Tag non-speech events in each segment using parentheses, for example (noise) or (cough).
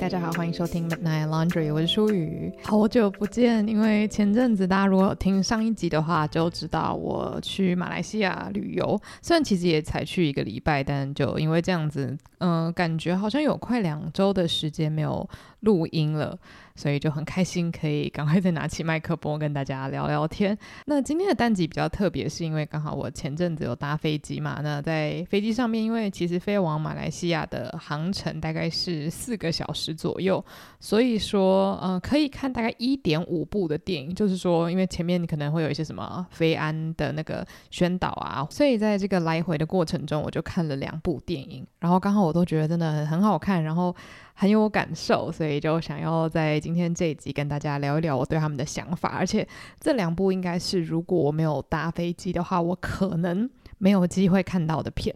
大家好，歡迎收聽 Midnight Laundry，我是舒雨。好久不見，因為前陣子大家如果聽上一集的話，就知道我去馬來西亞旅遊。雖然其實也才去一個禮拜，但就因為這樣子，嗯、呃，感覺好像有快兩週的時間沒有錄音了。所以就很開心，可以趕快再拿起麥克風跟大家聊聊天。那今天的單集比較特別，是因為剛好我前陣子有搭飛機嘛。那在飛機上面，因為其實飛往馬來西亞的航程大概是四個小時左右，所以說呃可以看大概一點五部的電影。就是說，因為前面你可能會有一些什麼飛安的那個宣導啊，所以在這個來回的過程中，我就看了兩部電影。然後剛好我都覺得真的很好看，然後很有感受，所以就想要在，今天這一集跟大家聊一聊我對他們的想法，而且這兩部應該是如果我沒有搭飛機的話，我可能沒有機會看到的片。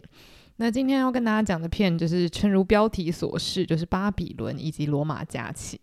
那今天要跟大家講的片就是，正如標題所示，就是《巴比倫》以及《羅馬假期》。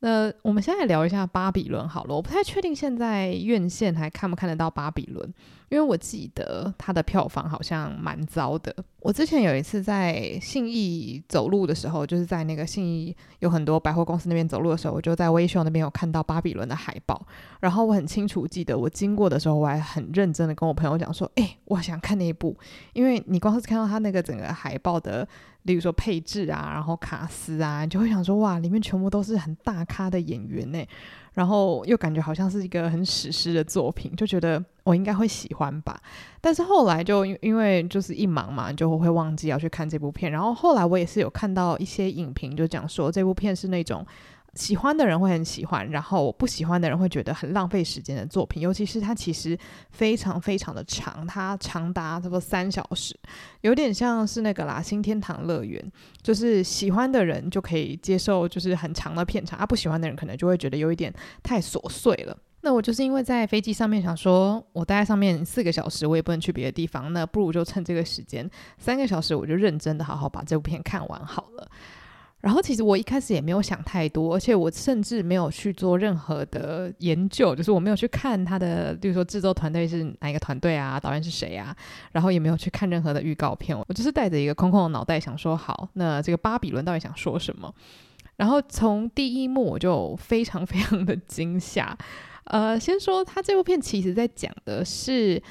那我們先來聊一下《巴比倫》好了，我不太確定現在院線還看不看得到《巴比倫》。因為我記得他的票房好像蠻糟的。我之前有一次在信義走路的時候，就是在那個信義有很多百貨公司那邊走路的時候，我就在威秀那邊有看到《巴比倫》的海報。然後我很清楚記得，我經過的時候我還很認真的跟我朋友講說：“哎、欸，我想看那一部。”因為你光是看到他那個整個海報的，例如說配置啊，然後卡司啊，你就會想說：“哇，裡面全部都是很大咖的演員呢、欸。”然後又感覺好像是一個很史詩的作品，就覺得我應該會喜歡吧。但是後來就因因為就是一忙嘛，就會忘記要去看這部片。然後後來我也是有看到一些影評，就講說這部片是那種。喜歡的人會很喜歡，然後我不喜歡的人會覺得很浪費時間的作品，尤其是它其實非常非常的長，它長達差不多三小時，有點像是那個啦《新天堂樂園》，就是喜歡的人就可以接受，就是很長的片長，啊，不喜歡的人可能就會覺得有一點太瑣碎了。那我就是因為在飛機上面想說，我待在上面四個小時，我也不能去別的地方，那不如就趁這個時間三個小時，我就認真的好好把這部片看完好了。然後其實我一開始也沒有想太多，而且我甚至沒有去做任何的研究，就是我沒有去看他的，比如說製作團隊是哪一個團隊啊，導演是誰啊，然後也沒有去看任何的預告片，我就是帶着一個空空的腦袋，想說好，那這個《巴比倫》到底想說什麼？然後從第一幕我就非常非常的驚嚇。呃，先說他這部片其實在講的是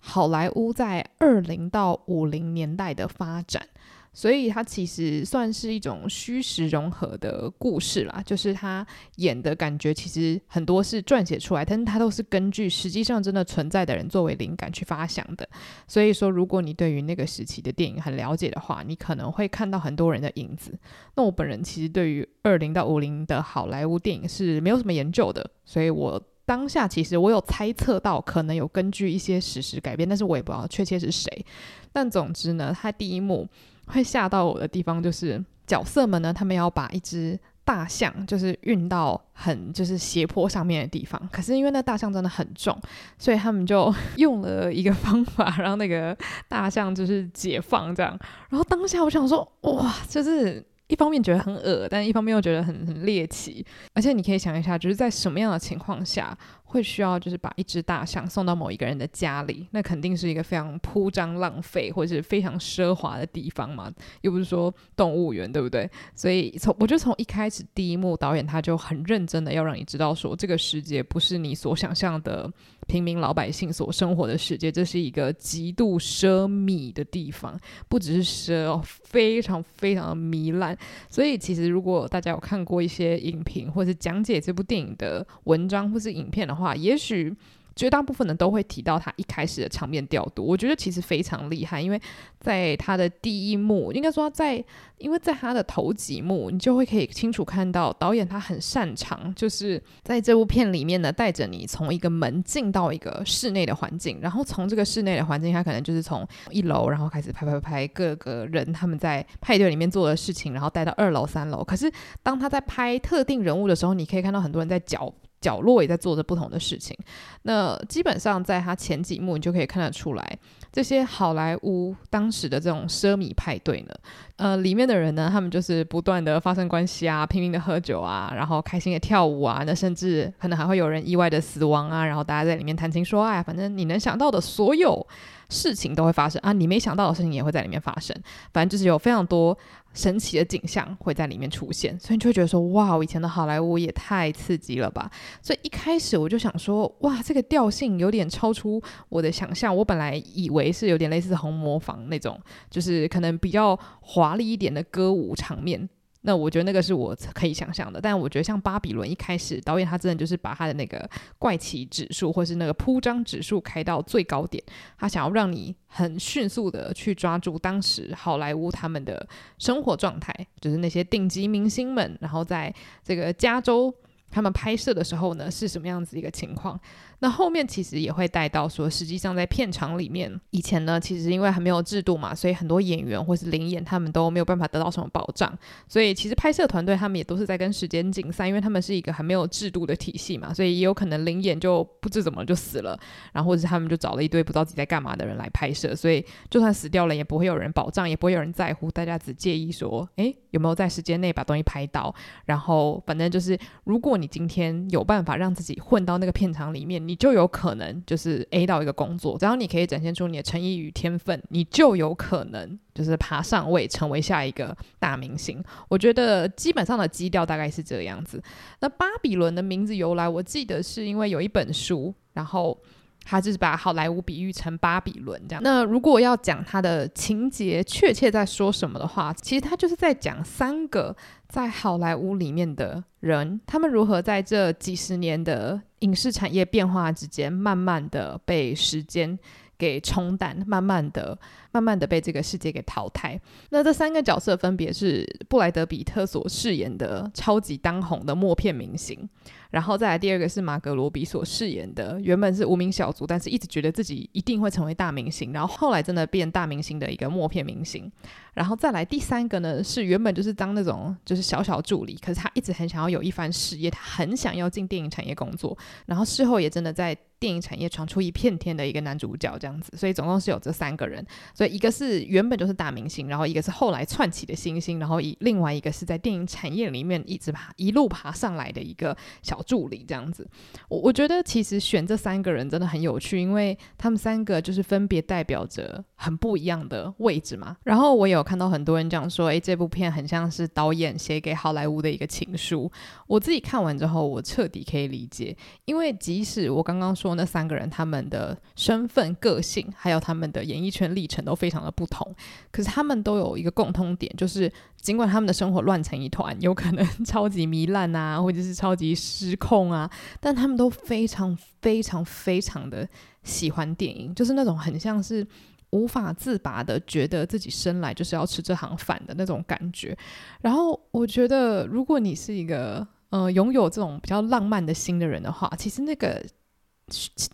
好萊塢在二零到五零年代的發展。所以它其實算是一種虛實融合的故事啦，就是他演的感覺其實很多是撰寫出來，但是他都是根據實際上真的存在的人作為靈感去發想的。所以說，如果你對於那個時期的電影很了解的話，你可能會看到很多人的影子。那我本人其實對於二零到五零的好萊塢電影是沒有什麼研究的，所以我當下其實我有猜測到可能有根據一些史實改編，但是我也不知道確切是誰。但總之呢，他第一幕。會嚇到我的地方就是角色們呢，他們要把一隻大象就是運到很就是斜坡上面的地方，可是因為那大象真的很重，所以他們就用了一個方法，讓那個大象就是解放這樣。然後當下我想說，哇，就是一方面覺得很噁，但一方面又覺得很很獵奇，而且你可以想一下，就是在什麼樣的情況下。會需要就是把一隻大象送到某一個人的家裡，那肯定是一個非常鋪張浪費或者是非常奢華的地方嘛，又不是說動物園，對不對？所以從我覺得從一開始第一幕導演他就很認真的要讓你知道說，這個世界不是你所想象的平民老百姓所生活的世界，這是一個極度奢靡的地方，不只是奢，哦，非常非常的糜爛。所以其實如果大家有看過一些影評或是講解這部電影的文章或者是影片的話，話也許絕大部分人都會提到他一開始的場面調度，我覺得其實非常厲害，因為在他的第一幕，應該說在，因為在他的頭幾幕，你就會可以清楚看到導演他很擅長，就是在這部片裡面呢，帶着你從一個門進到一個室內的環境，然後從這個室內的環境，他可能就是從一樓然後開始拍拍拍各個人他們在派對裡面做的事情，然後帶到二樓三樓。可是當他在拍特定人物的時候，你可以看到很多人在嚼。角落也在做着不同的事情。那基本上，在他前幾幕，你就可以看得出來，這些好萊塢當時的這種奢靡派對呢，呃，裡面的人呢，他們就是不斷的發生關係啊，拼命的喝酒啊，然後開心的跳舞啊，那甚至可能還會有人意外的死亡啊，然後大家在裡面談情說愛，哎，反正你能想到的所有。事情都會發生啊，你沒想到的事情也會在裡面發生，反正就是有非常多神奇的景象會在裡面出現，所以你就會覺得說，哇，我以前的好萊塢也太刺激了吧！所以一開始我就想說，哇，這個調性有點超出我的想象，我本來以為是有點類似紅磨坊那種，就是可能比較華麗一點的歌舞場面。那我覺得那個是我可以想象的，但我覺得像《巴比倫》一開始，導演他真的就是把他的那個怪奇指數或是那個鋪張指數開到最高點，他想要讓你很迅速的去抓住當時好萊塢他們的生活狀態，就是那些頂級明星們，然後在這個加州他們拍攝的時候呢，是什麼樣子一個情況？那後面其實也會帶到說，實際上在片場裡面，以前呢其實因為還沒有制度嘛，所以很多演員或是臨演他們都沒有辦法得到什麼保障。所以其實拍攝團隊他們也都是在跟時間競賽，因為他們是一個還沒有制度的體系嘛，所以也有可能臨演就不知怎麼就死了，然後或者是他們就找了一堆不知道自己在幹嘛的人來拍攝，所以就算死掉了也不會有人保障，也不會有人在乎，大家只介意說，誒有沒有在時間內把東西拍到？然後反正就是，如果你今天有辦法讓自己混到那個片場裡面，你就有可能就是 A 到一個工作，只要你可以展現出你的誠意與天分，你就有可能就是爬上位，成為下一個大明星。我覺得基本上的基調大概是這個樣子。那巴比倫的名字由來，我記得是因為有一本書，然後他就是把好萊塢比喻成巴比倫這樣。那如果要講他的情節確切在說什麼的話，其實他就是在講三個在好萊塢裡面的人，他們如何在這幾十年的影視產業變化之間，慢慢的被時間給沖淡，慢慢的、慢慢的被這個世界給淘汰。那這三個角色分別是布萊德彼特所飾演的超級當紅的默片明星，然後再來第二個是瑪格羅比所飾演的，原本是無名小卒，但是一直覺得自己一定會成為大明星，然後後來真的變大明星的一個默片明星。然後再來第三個呢，是原本就是當那種就是小小助理，可是他一直很想要有一番事業，他很想要進電影產業工作，然後事後也真的在。電影產業闖出一片天的一個男主角這樣子，所以總共是有這三個人，所以一個是原本就是大明星，然後一個是後來竄起的星星，然後以另外一個是在電影產業裡面一直爬一路爬上來的一個小助理這樣子。我我覺得其實選這三個人真的很有趣，因為他們三個就是分別代表着很不一樣的位置嘛。然後我有看到很多人講說，誒，這部片很像是導演寫給好萊塢的一個情書。我自己看完之後，我徹底可以理解，因為即使我剛剛說。那三個人他們的身份、個性，還有他們的演藝圈歷程都非常的不同。可是他們都有一個共通點，就是儘管他們的生活亂成一團，有可能超級糜爛啊，或者是超級失控啊，但他們都非常、非常、非常的喜歡電影，就是那種很像是無法自拔的，覺得自己生來就是要吃這行飯的那種感覺。然後我覺得，如果你是一個呃擁有這種比較浪漫的心的人的話，其實那個。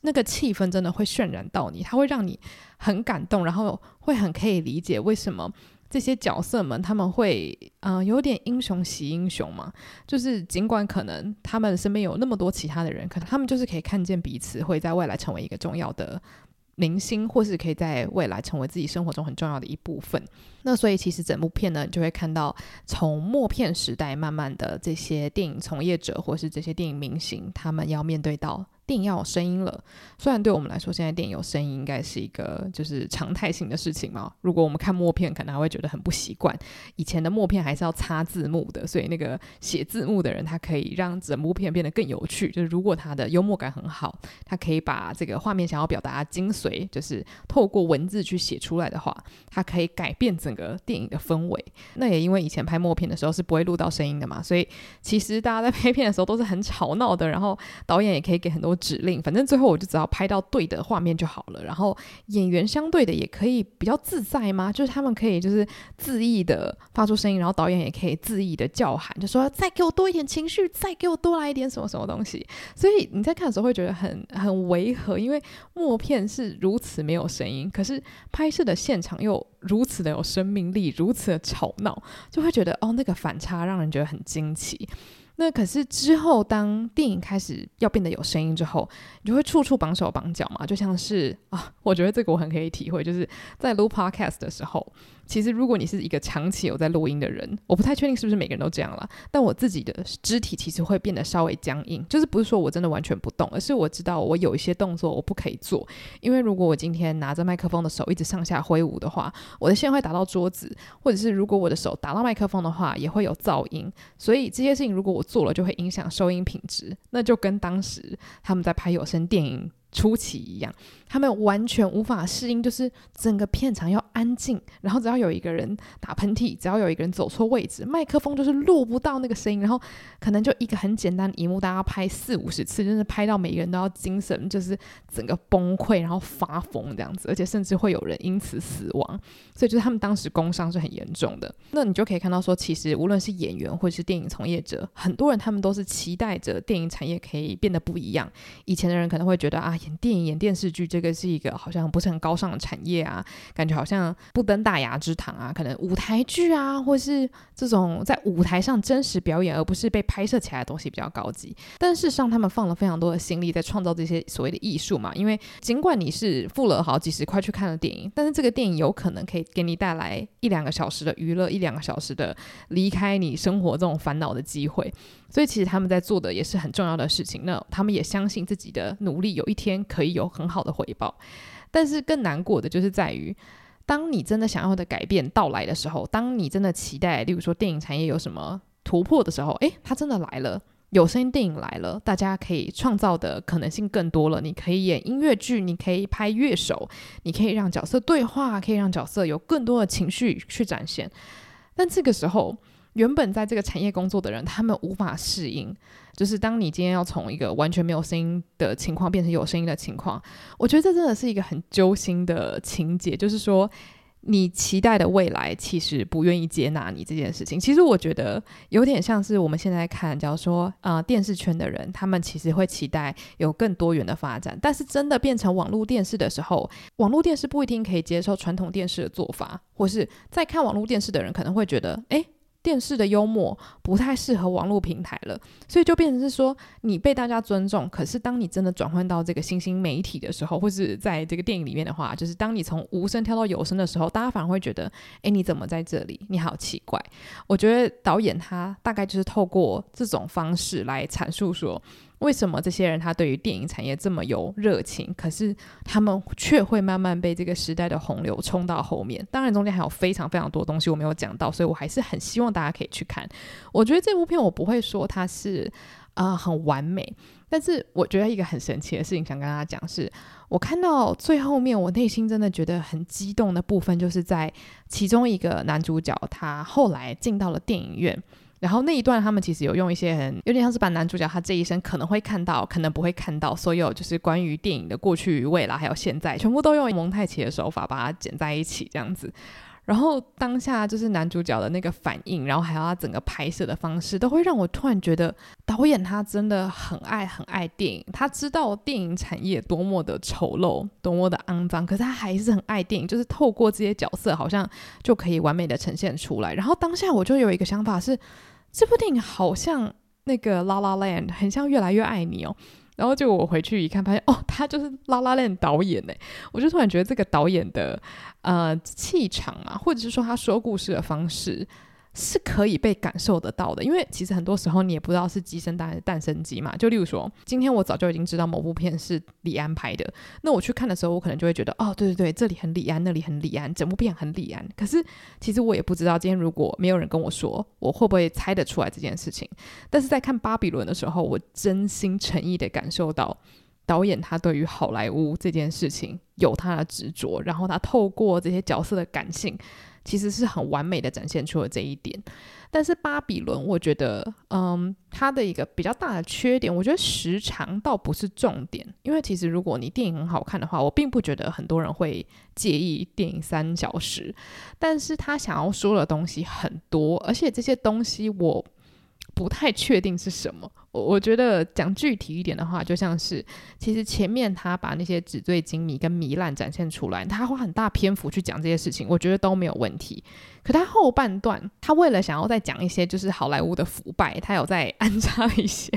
那個氣氛真的會渲染到你，它會讓你很感動，然後會很可以理解為什麼這些角色們他們會，嗯、呃、有點英雄惜英雄嘛，就是儘管可能他們身邊有那麼多其他的人，可能他們就是可以看見彼此會在未來成為一個重要的明星，或是可以在未來成為自己生活中很重要的一部分。那所以其實整部片呢，你就會看到從默片時代慢慢的這些電影從業者或是這些電影明星，他們要面對到電影要有聲音了。雖然對我們來說，現在電影有聲音應該是一個就是常態性的事情嘛。如果我們看默片，可能還會覺得很不習慣。以前的默片還是要插字幕的，所以那個寫字幕的人，他可以讓整部片變得更有趣。就是如果他的幽默感很好，他可以把這個畫面想要表達的精髓，就是透過文字去寫出來的話，他可以改變整。整個電影的氛圍，那也因為以前拍默片的時候是不會錄到聲音的嘛，所以其實大家在拍片的時候都是很吵鬧的，然後導演也可以給很多指令，反正最後我就只要拍到對的畫面就好了。然後演員相對的也可以比較自在嘛，就是他們可以就是恣意的發出聲音，然後導演也可以恣意的叫喊，就說再給我多一點情緒，再給我多來一點什麼什麼東西。所以你在看的時候會覺得很很違和，因為默片是如此沒有聲音，可是拍攝的現場又如此的有聲音。生命力如此的吵鬧，就會覺得哦，那個反差讓人覺得很驚奇。那可是之後，當電影開始要變得有聲音之後，你就會處處綁手綁腳嘛。就像是啊，我覺得這個我很可以體會，就是在錄 podcast 的時候，其實如果你是一個長期有在錄音的人，我不太確定是不是每個人都這樣了，但我自己的肢體其實會變得稍微僵硬，就是不是說我真的完全不動，而是我知道我有一些動作我不可以做，因為如果我今天拿着麥克風的手一直上下揮舞的話，我的線會打到桌子，或者是如果我的手打到麥克風的話，也會有噪音。所以這些事情如果我做了就會影響收音品質，那就跟當時他們在拍有聲電影初期一樣，他們完全無法適應，就是整個片場要安靜，然後只要有一個人打噴嚏，只要有一個人走錯位置，麥克風就是錄不到那個聲音，然後可能就一個很簡單的一幕，大家要拍四五十次，真的拍到每一個人都要精神就是整個崩潰，然後發瘋這樣子，而且甚至會有人因此死亡，所以就是他們當時工傷是很嚴重的。那你就可以看到說，其實無論是演員或者是電影從業者，很多人他們都是期待着電影產業可以變得不一樣。以前的人可能會覺得啊。演電影、演電視劇，這個是一個好像不是很高尚的產業啊，感覺好像不登大雅之堂啊。可能舞台劇啊，或是這種在舞台上真實表演，而不是被拍攝起來的東西比較高級。但事實上他們放了非常多的心力在創造這些所謂的藝術嘛。因為儘管你是付了好幾十塊去看了電影，但是這個電影有可能可以給你帶來一兩個小時的娛樂，一兩個小時的離開你生活這種煩惱的機會。所以其實他們在做的也是很重要的事情。那他們也相信自己的努力有一天，可以有很好的回報，但是更難過的，就是在於，當你真的想要的改變到來的時候，當你真的期待，例如說電影產業有什麼突破的時候，哎，它真的來了，有聲音電影來了，大家可以創造的可能性更多了，你可以演音樂劇，你可以拍樂手，你可以讓角色對話，可以讓角色有更多的情緒去展現，但這個時候。原本在這個產業工作的人，他們無法適應，就是當你今天要從一個完全沒有聲音的情況變成有聲音的情況，我覺得這真的是一個很揪心的情節。就是說，你期待的未來，其實不願意接納你這件事情。其實我覺得有點像是我們現在看，假如說啊、呃，電視圈的人，他們其實會期待有更多元的發展，但是真的變成網絡電視的時候，網絡電視不一定可以接受傳統電視的做法，或是在看網絡電視的人可能會覺得，哎。電視的幽默不太適合網絡平台了，所以就變成是說你被大家尊重。可是當你真的轉換到這個新興媒體的時候，或是在這個電影裡面的話，就是當你從無聲跳到有聲的時候，大家反而會覺得，誒，你怎麼在這裡？你好奇怪。我覺得導演他大概就是透過這種方式來闡述說。為什麼這些人他對於電影產業這麼有熱情？可是他們卻會慢慢被這個時代的洪流衝到後面。當然，中間還有非常非常多東西我沒有講到，所以我還是很希望大家可以去看。我覺得這部片我不會說它是啊、呃、很完美，但是我覺得一個很神奇的事情，想跟大家講是，是我看到最後面，我內心真的覺得很激動的部分，就是在其中一個男主角他後來進到了電影院。然後那一段，他們其實有用一些很有點像是把男主角他這一生可能會看到，可能不會看到，所有就是關於電影的過去、未來還有現在，全部都用蒙太奇的手法把它剪在一起，這樣子。然後當下就是男主角的那個反應，然後還有他整個拍攝的方式，都會讓我突然覺得導演他真的很愛很愛電影，他知道電影產業多麼的醜陋，多麼的骯髒，可是他還是很愛電影，就是透過這些角色，好像就可以完美的呈現出來。然後當下我就有一個想法是，這部電影好像那個《La La Land》很像《越來越愛你》哦。然後就我回去一看，發現哦，他就是《La La Land》導演呢，我就突然覺得這個導演的呃氣場嘛，或者是說他說故事的方式，是可以被感受得到的，因為其實很多時候你也不知道是雞生蛋還是蛋生雞嘛。就例如說，今天我早就已經知道某部片是李安拍的，那我去看的時候，我可能就會覺得，哦，對對對，這裡很李安，那裡很李安，整部片很李安。可是其實我也不知道，今天如果沒有人跟我說，我會不會猜得出來這件事情？但是在看《巴比倫》的時候，我真心誠意地感受到導演他對於好萊塢這件事情有他的執着，然後他透過這些角色的感性。其實是很完美的展現出了這一點，但是《巴比倫》我覺得，嗯，它的一個比較大的缺點，我覺得時長倒不是重點，因為其實如果你電影很好看的話，我並不覺得很多人會介意電影三小時，但是他想要說的東西很多，而且這些東西我。不太確定是什麼，我我覺得講具體一點的話，就像是其實前面他把那些紙醉金迷跟糜爛展現出來，他花很大篇幅去講這些事情，我覺得都沒有問題。可他後半段，他為了想要再講一些就是好萊塢的腐敗，他有在安插一些，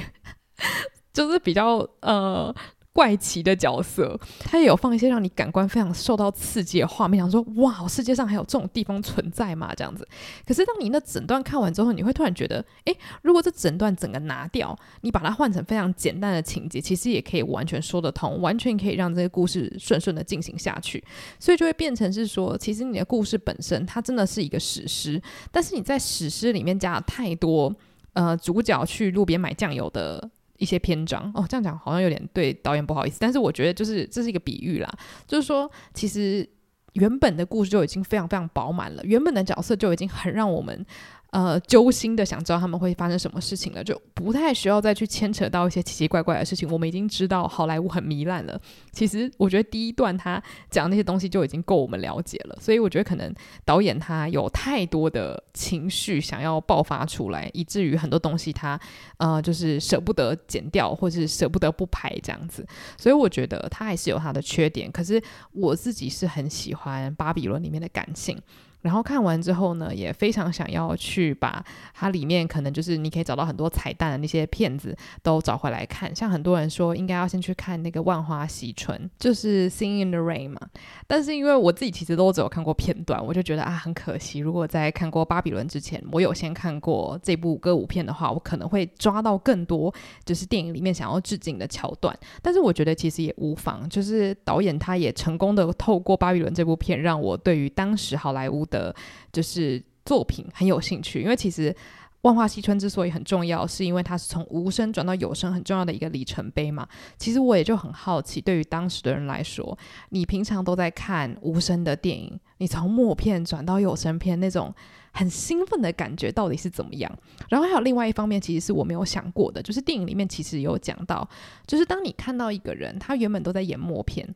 (laughs) 就是比較呃。怪奇的角色，它也有放一些讓你感官非常受到刺激的畫面，想說哇，世界上還有這種地方存在嗎？這樣子。可是當你那整段看完之後，你會突然覺得，誒、欸，如果這整段整個拿掉，你把它換成非常簡單的情節，其實也可以完全說得通，完全可以讓這個故事順順的進行下去。所以就會變成是說，其實你的故事本身它真的是一個史詩，但是你在史詩裡面加了太多，呃，主角去路邊買醬油的。一些篇章哦，這樣講好像有點對導演不好意思，但是我覺得就是這是一個比喻啦，就是說其實原本的故事就已經非常非常飽滿了，原本的角色就已經很讓我們。呃，揪心的想知道他們會發生什麼事情了，就不太需要再去牽扯到一些奇奇怪怪的事情。我們已經知道好萊塢很糜爛了。其實我覺得第一段他講那些東西就已經夠我們了解了。所以我覺得可能導演他有太多的情緒想要爆發出來，以至於很多東西他呃就是舍不得剪掉，或者是舍不得不拍這樣子。所以我覺得他還是有他的缺點。可是我自己是很喜歡《巴比倫》裡面的感性。然後看完之後呢，也非常想要去把它裡面可能就是你可以找到很多彩蛋的那些片子都找回來看。像很多人說應該要先去看那個《萬花嬉春》，就是《Sing in the Rain》嘛。但是因為我自己其實都只有看過片段，我就覺得啊，很可惜。如果在看過《巴比倫》之前，我有先看過這部歌舞片的話，我可能會抓到更多就是電影裡面想要致敬的橋段。但是我覺得其實也無妨，就是導演他也成功的透過《巴比倫》這部片，讓我對於當時好萊塢的，就是作品很有興趣，因為其實《萬花嬉春》之所以很重要，是因為它是從無聲轉到有聲很重要的一個里程碑嘛。其實我也就很好奇，對於當時的人來說，你平常都在看無聲的電影，你從默片轉到有聲片，那種很興奮的感覺到底是怎麼樣？然後還有另外一方面，其實是我沒有想過的，就是電影裡面其實有講到，就是當你看到一個人他原本都在演默片，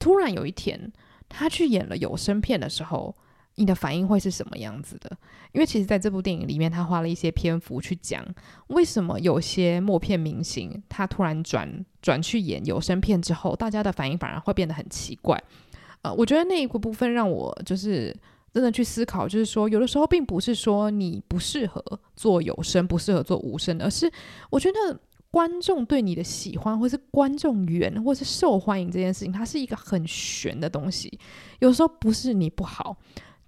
突然有一天他去演了有聲片的時候。你的反應會是什麼樣子的？因為其實在這部電影裡面，他花了一些篇幅去講為什麼有些默片明星他突然轉轉去演有聲片之後，大家的反應反而會變得很奇怪。呃，我覺得那一個部分讓我就是真的去思考，就是說有的時候並不是說你不適合做有聲，不適合做無聲，而是我覺得觀眾對你的喜歡，或是觀眾緣，或是受歡迎這件事情，它是一個很玄的東西。有時候不是你不好。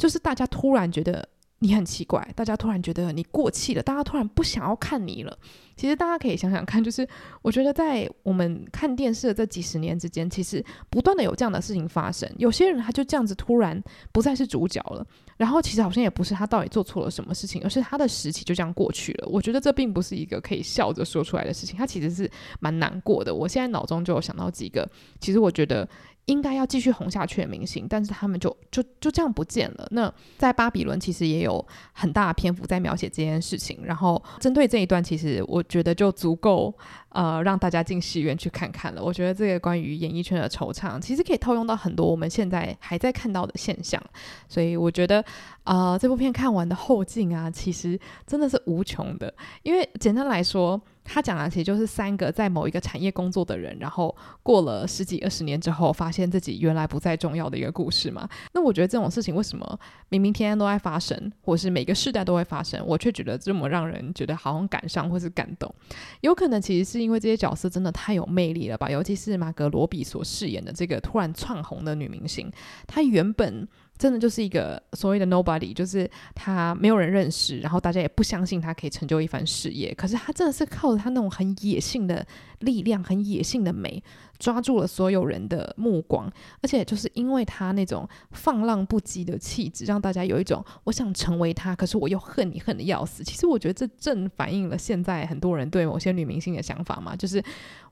就是大家突然覺得你很奇怪，大家突然覺得你過氣了，大家突然不想要看你了。其實大家可以想想看，就是我覺得在我們看電視的這幾十年之間，其實不斷的有這樣的事情發生。有些人他就這樣子突然不再是主角了，然後其實好像也不是他到底做錯了什麼事情，而是他的時期就這樣過去了。我覺得這並不是一個可以笑着說出來的事情，他其實是蠻難過的。我現在腦中就有想到幾個，其實我覺得，應該要繼續紅下去的明星，但是他們就就就這樣不見了。那在《巴比倫》其實也有很大的篇幅在描寫這件事情。然後針對這一段，其實我覺得就足夠，呃，讓大家進戲院去看看了。我覺得這個關於演藝圈的惆悵，其實可以套用到很多我們現在還在看到的現象。所以我覺得，啊、呃，這部片看完的後勁啊，其實真的是無窮的。因為簡單來說，他講的其實就是三個在某一個產業工作的人，然後過了十幾二十年之後，發現自己原來不再重要的一個故事嘛。那我覺得這種事情為什麼明明天天都在發生，或是每個世代都會發生，我卻覺得這麼讓人覺得好像感傷或是感動？有可能其實是因為這些角色真的太有魅力了吧？尤其是瑪格羅比所飾演的這個突然竄紅的女明星，她原本。真的就是一個所謂的 nobody，就是他沒有人認識，然後大家也不相信他可以成就一番事業。可是他真的是靠着他那種很野性的力量，很野性的美，抓住了所有人的目光。而且就是因為他那種放浪不羈的氣質，讓大家有一種我想成為他，可是我又恨你恨得要死。其實我覺得這正反映了現在很多人對某些女明星的想法嘛，就是。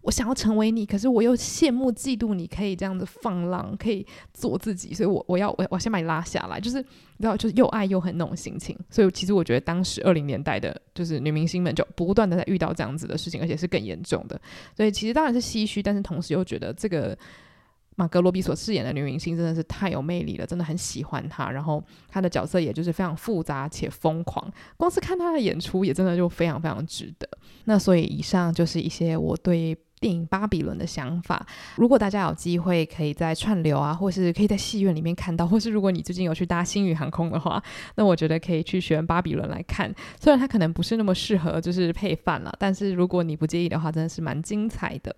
我想要成為你，可是我又羨慕嫉妒你，可以這樣子放浪，可以做自己，所以我，我要我要我我先把你拉下來，就是你知道，就是又愛又恨那種心情。所以，其實我覺得當時二零年代的，就是女明星們，就不斷的在遇到這樣子的事情，而且是更嚴重的。所以，其實當然是唏噓，但是同時又覺得這個馬格羅比所飾演的女明星真的是太有魅力了，真的很喜歡她。然後，她的角色也就是非常複雜且瘋狂，光是看她的演出也真的就非常非常值得。那所以，以上就是一些我對電影《巴比倫》的想法，如果大家有機會可以在串流啊，或是可以在戲院裡面看到，或是如果你最近有去搭星宇航空的話，那我覺得可以去選《巴比倫》來看，雖然它可能不是那麼適合就是配飯了，但是如果你不介意的話，真的是蠻精彩的。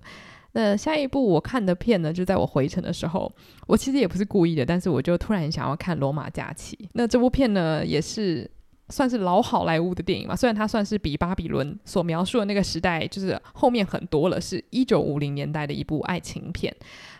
那下一部我看的片呢，就在我回程的時候，我其實也不是故意的，但是我就突然想要看《羅馬假期》。那這部片呢，也是。算是老好萊塢的電影嘛，雖然它算是比《巴比倫》所描述的那個時代就是後面很多了，是一九五零年代的一部愛情片。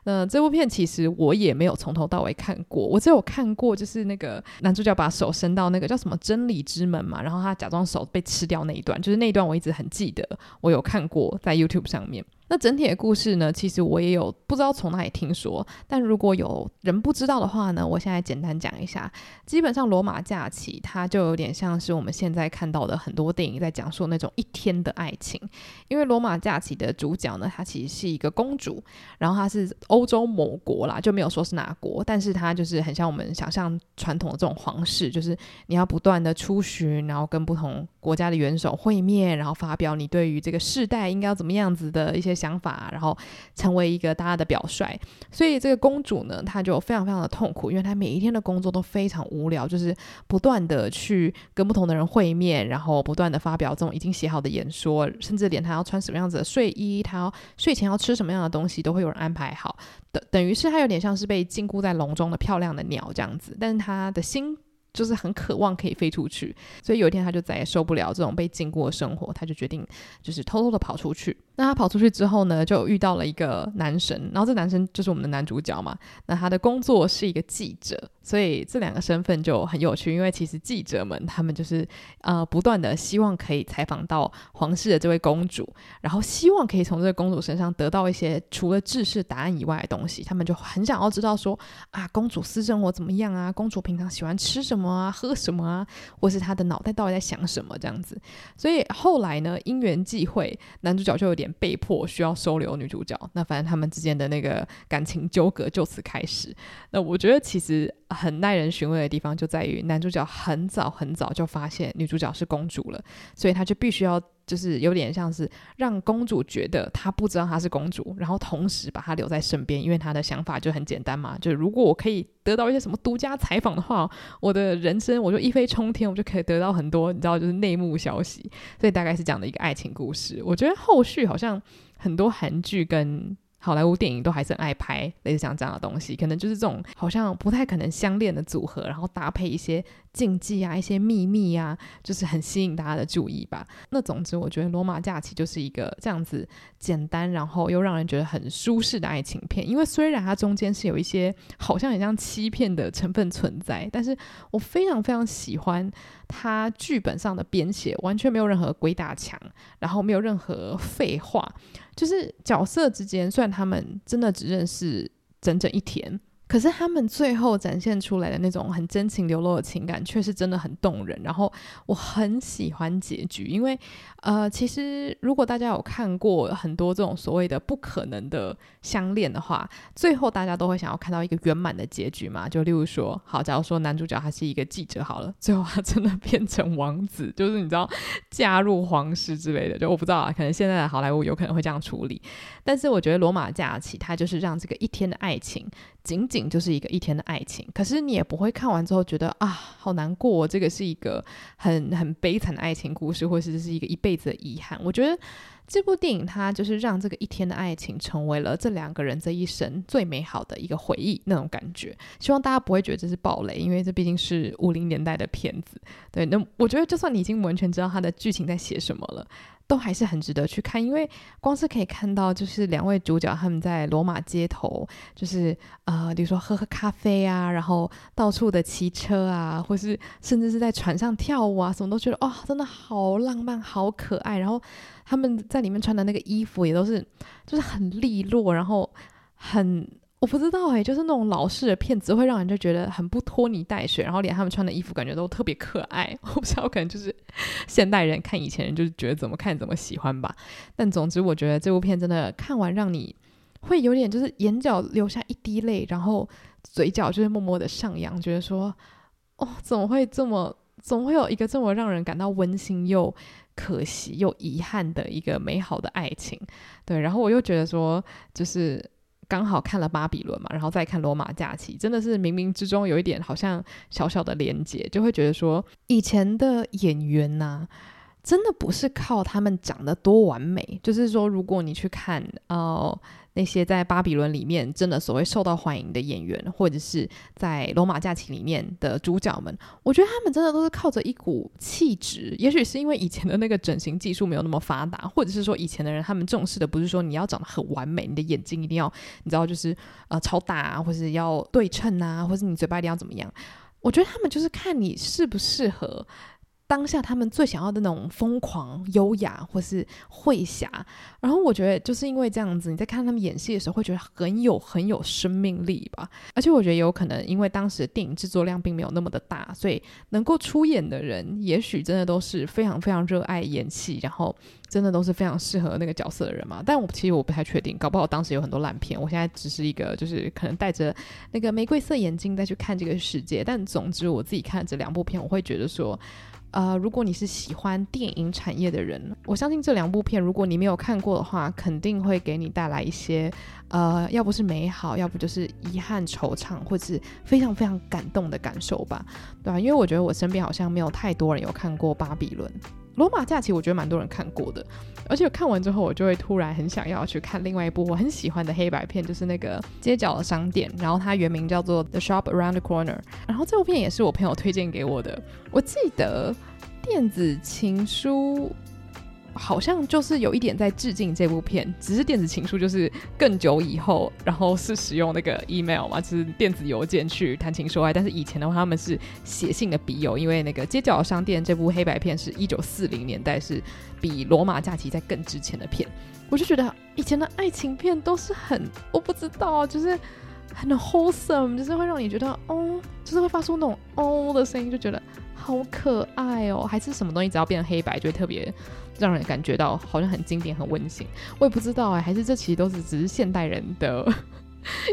呃，這部片其實我也沒有從頭到尾看過，我只有看過就是那個男主角把手伸到那個叫什麼“真理之門”嘛，然後他假裝手被吃掉那一段，就是那一段我一直很記得，我有看過在 YouTube 上面。那整體的故事呢？其實我也有不知道從哪裡聽說，但如果有人不知道的話呢，我現在簡單講一下。基本上羅馬假期它就有點像是我們現在看到的很多電影在講述那種一天的愛情，因為羅馬假期的主角呢，她其實是一個公主，然後她是歐洲某國啦，就沒有說是哪國，但是她就是很像我們想象傳統的這種皇室，就是你要不斷的出巡，然後跟不同國家的元首會面，然後發表你對於這個世代應該要怎麼樣子的一些。想法，然後成為一個大家的表率，所以這個公主呢，她就非常非常的痛苦，因為她每一天的工作都非常無聊，就是不斷的去跟不同的人會面，然後不斷的發表這種已經寫好的演說，甚至連她要穿什麼樣子的睡衣，她要睡前要吃什麼樣的東西，都會有人安排好，等等於是她有點像是被禁錮在籠中的漂亮的鳥這樣子，但是她的心。就是很渴望可以飛出去，所以有一天他就再也受不了這種被禁錮的生活，他就決定就是偷偷的跑出去。那他跑出去之後呢，就遇到了一個男神，然後這男神就是我們的男主角嘛。那他的工作是一個記者，所以這兩個身份就很有趣，因為其實記者們他們就是呃不斷的希望可以採訪到皇室的這位公主，然後希望可以從這個公主身上得到一些除了制式答案以外的東西，他們就很想要知道說啊，公主私生活怎麼樣啊，公主平常喜歡吃什麼？什麼啊？喝什麼啊？或是他的腦袋到底在想什麼？這樣子，所以後來呢，因緣際會，男主角就有點被迫需要收留女主角。那反正他們之間的那個感情糾葛就此開始。那我覺得其實很耐人尋味的地方就在於，男主角很早很早就發現女主角是公主了，所以他就必須要。就是有點像是讓公主覺得她不知道她是公主，然後同時把她留在身邊，因為她的想法就很簡單嘛，就是如果我可以得到一些什麼獨家採訪的話，我的人生我就一飛衝天，我就可以得到很多你知道就是內幕消息。所以大概是講的一個愛情故事。我覺得後續好像很多韓劇跟。好萊塢電影都還是很愛拍類似像這樣的東西，可能就是這種好像不太可能相戀的組合，然後搭配一些禁忌啊、一些秘密啊，就是很吸引大家的注意吧。那總之，我覺得《羅馬假期》就是一個這樣子簡單，然後又讓人覺得很舒適的愛情片。因為雖然它中間是有一些好像很像欺騙的成分存在，但是我非常非常喜歡。他劇本上的編寫完全沒有任何鬼打牆，然後沒有任何廢話，就是角色之間，雖然他們真的只認識整整一天。可是他們最後展現出來的那種很真情流露的情感，確實真的很動人。然後我很喜歡結局，因為呃，其實如果大家有看過很多這種所謂的不可能的相戀的話，最後大家都會想要看到一個圓滿的結局嘛。就例如說，好，假如說男主角他是一個記者，好了，最後他真的變成王子，就是你知道加入皇室之類的。就我不知道啊，可能現在的好萊塢有可能會這樣處理。但是我覺得《羅馬假期》它就是讓這個一天的愛情僅僅。就是一個一天的愛情，可是你也不會看完之後覺得啊，好難過，哦，這個是一個很很悲慘的愛情故事，或是這是一個一輩子的遺憾。我覺得這部電影它就是讓這個一天的愛情成為了這兩個人這一生最美好的一個回憶，那種感覺。希望大家不會覺得這是爆雷，因為這畢竟是五零年代的片子。對，那我覺得就算你已經完全知道它的劇情在寫什麼了，都還是很值得去看，因為光是可以看到，就是兩位主角他們在羅馬街頭，就是呃，比如說喝喝咖啡啊，然後到處的騎車啊，或是甚至是在船上跳舞啊，什麼都覺得哇、哦，真的好浪漫，好可愛。然後他們在裡面穿的那個衣服也都是，就是很利落，然後很。我不知道哎、欸，就是那種老式的片子，會讓人就覺得很不拖泥帶水，然後連他們穿的衣服感覺都特別可愛。我不知道可能就是現代人看以前人，就是覺得怎麼看怎麼喜歡吧。但總之，我覺得這部片真的看完讓你會有點就是眼角流下一滴淚，然後嘴角就是默默的上揚，覺得說哦，怎麼會這麼，怎麼會有一個這麼讓人感到溫馨又可惜又遺憾的一個美好的愛情？對，然後我又覺得說就是。剛好看了《巴比倫》嘛，然後再看《羅馬假期》，真的是冥冥之中有一點好像小小的連接，就會覺得說，以前的演員呐、啊，真的不是靠他們長得多完美，嗯、就是說，如果你去看哦。呃那些在巴比倫裡面真的所謂受到歡迎的演員，或者是在羅馬假期裡面的主角們，我覺得他們真的都是靠着一股氣質。也許是因為以前的那個整形技術沒有那麼發達，或者是說以前的人他們重視的不是說你要長得很完美，你的眼睛一定要你知道就是呃超大，或者要對稱啊，或者、啊、你嘴巴一定要怎麼樣？我覺得他們就是看你適不適合。當下他們最想要的那種瘋狂、優雅或是會俠。然後我覺得就是因為這樣子，你在看他們演戲的時候，會覺得很有很有生命力吧。而且我覺得有可能，因為當時的電影製作量並沒有那麼的大，所以能夠出演的人，也許真的都是非常非常熱愛演戲，然後真的都是非常適合那個角色的人嘛。但我其實我不太確定，搞不好當時有很多爛片。我現在只是一個就是可能戴着那個玫瑰色眼鏡再去看這個世界。但總之，我自己看這兩部片，我會覺得說。呃，如果你是喜歡電影產業的人，我相信這兩部片，如果你沒有看過的話，肯定會給你帶來一些，呃，要不是美好，要不就是遺憾、惆悵，或是非常非常感動的感受吧，對啊，因為我覺得我身邊好像沒有太多人有看過《巴比倫》。《羅馬假期》我覺得蠻多人看過的，而且看完之後我就會突然很想要去看另外一部我很喜歡的黑白片，就是那個《街角的商店》，然後它原名叫做《The Shop Around the Corner》，然後這部片也是我朋友推薦給我的。我記得《電子情書》。好像就是有一點在致敬這部片，只是電子情書就是更久以後，然後是使用那個 email 嘛，就是電子郵件去談情說愛。但是以前的話，他們是寫信的筆友，因為那個街角的商店這部黑白片是一九四零年代，是比羅馬假期再更之前的片。我就覺得以前的愛情片都是很，我不知道，就是。很 wholesome，就是會讓你覺得，哦，就是會發出那種“哦”的聲音，就覺得好可愛哦。還是什麼東西只要變黑白，就會特別讓人感覺到好像很經典、很溫馨。我也不知道哎，還是這其實都是只是現代人的。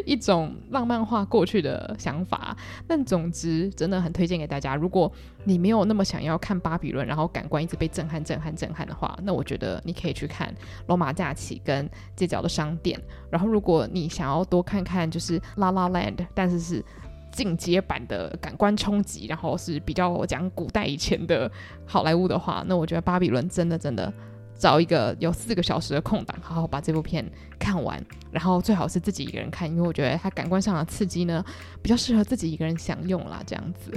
一種浪漫化過去的想法，但總之真的很推薦給大家。如果你沒有那麼想要看《巴比倫》，然後感官一直被震撼、震撼、震撼的話，那我覺得你可以去看《羅馬假期》跟《街角的商店》。然後，如果你想要多看看就是《La La Land》，但是是進階版的感官衝擊，然後是比較我講古代以前的好萊塢的話，那我覺得《巴比倫》真的真的。找一個有四個小時的空檔，好好把這部片看完，然後最好是自己一個人看，因為我覺得它感官上的刺激呢，比較適合自己一個人享用啦。這樣子，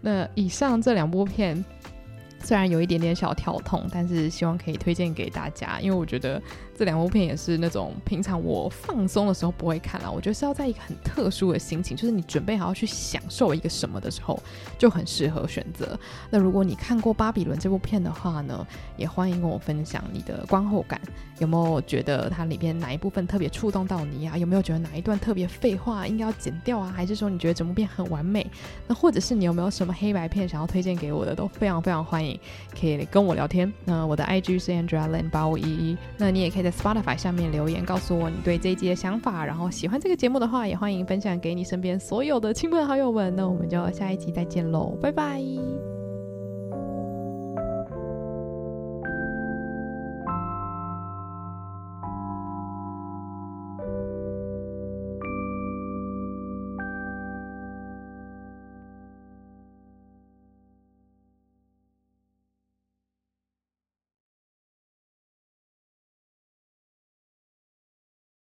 那以上這兩部片雖然有一點點小跳痛，但是希望可以推薦給大家，因為我覺得。這兩部片也是那種平常我放鬆的時候不會看啦、啊，我覺得是要在一個很特殊的心情，就是你準備好要去享受一個什麼的時候，就很適合選擇。那如果你看過《巴比倫》這部片的話呢，也歡迎跟我分享你的觀後感，有沒有覺得它裡邊哪一部分特別觸動到你啊？有沒有覺得哪一段特別廢話應該要剪掉啊？還是說你覺得整部片很完美？那或者是你有沒有什麼黑白片想要推薦給我的，都非常非常歡迎可以跟我聊天。那我的 IG 是 Andrea Lin 八五一一，那你也可以在。在 Spotify 上面留言告訴我你對這一集的想法，然後喜歡這個節目的話，也歡迎分享給你身邊所有的親朋好友們。那我們就下一集再見嘍，拜拜。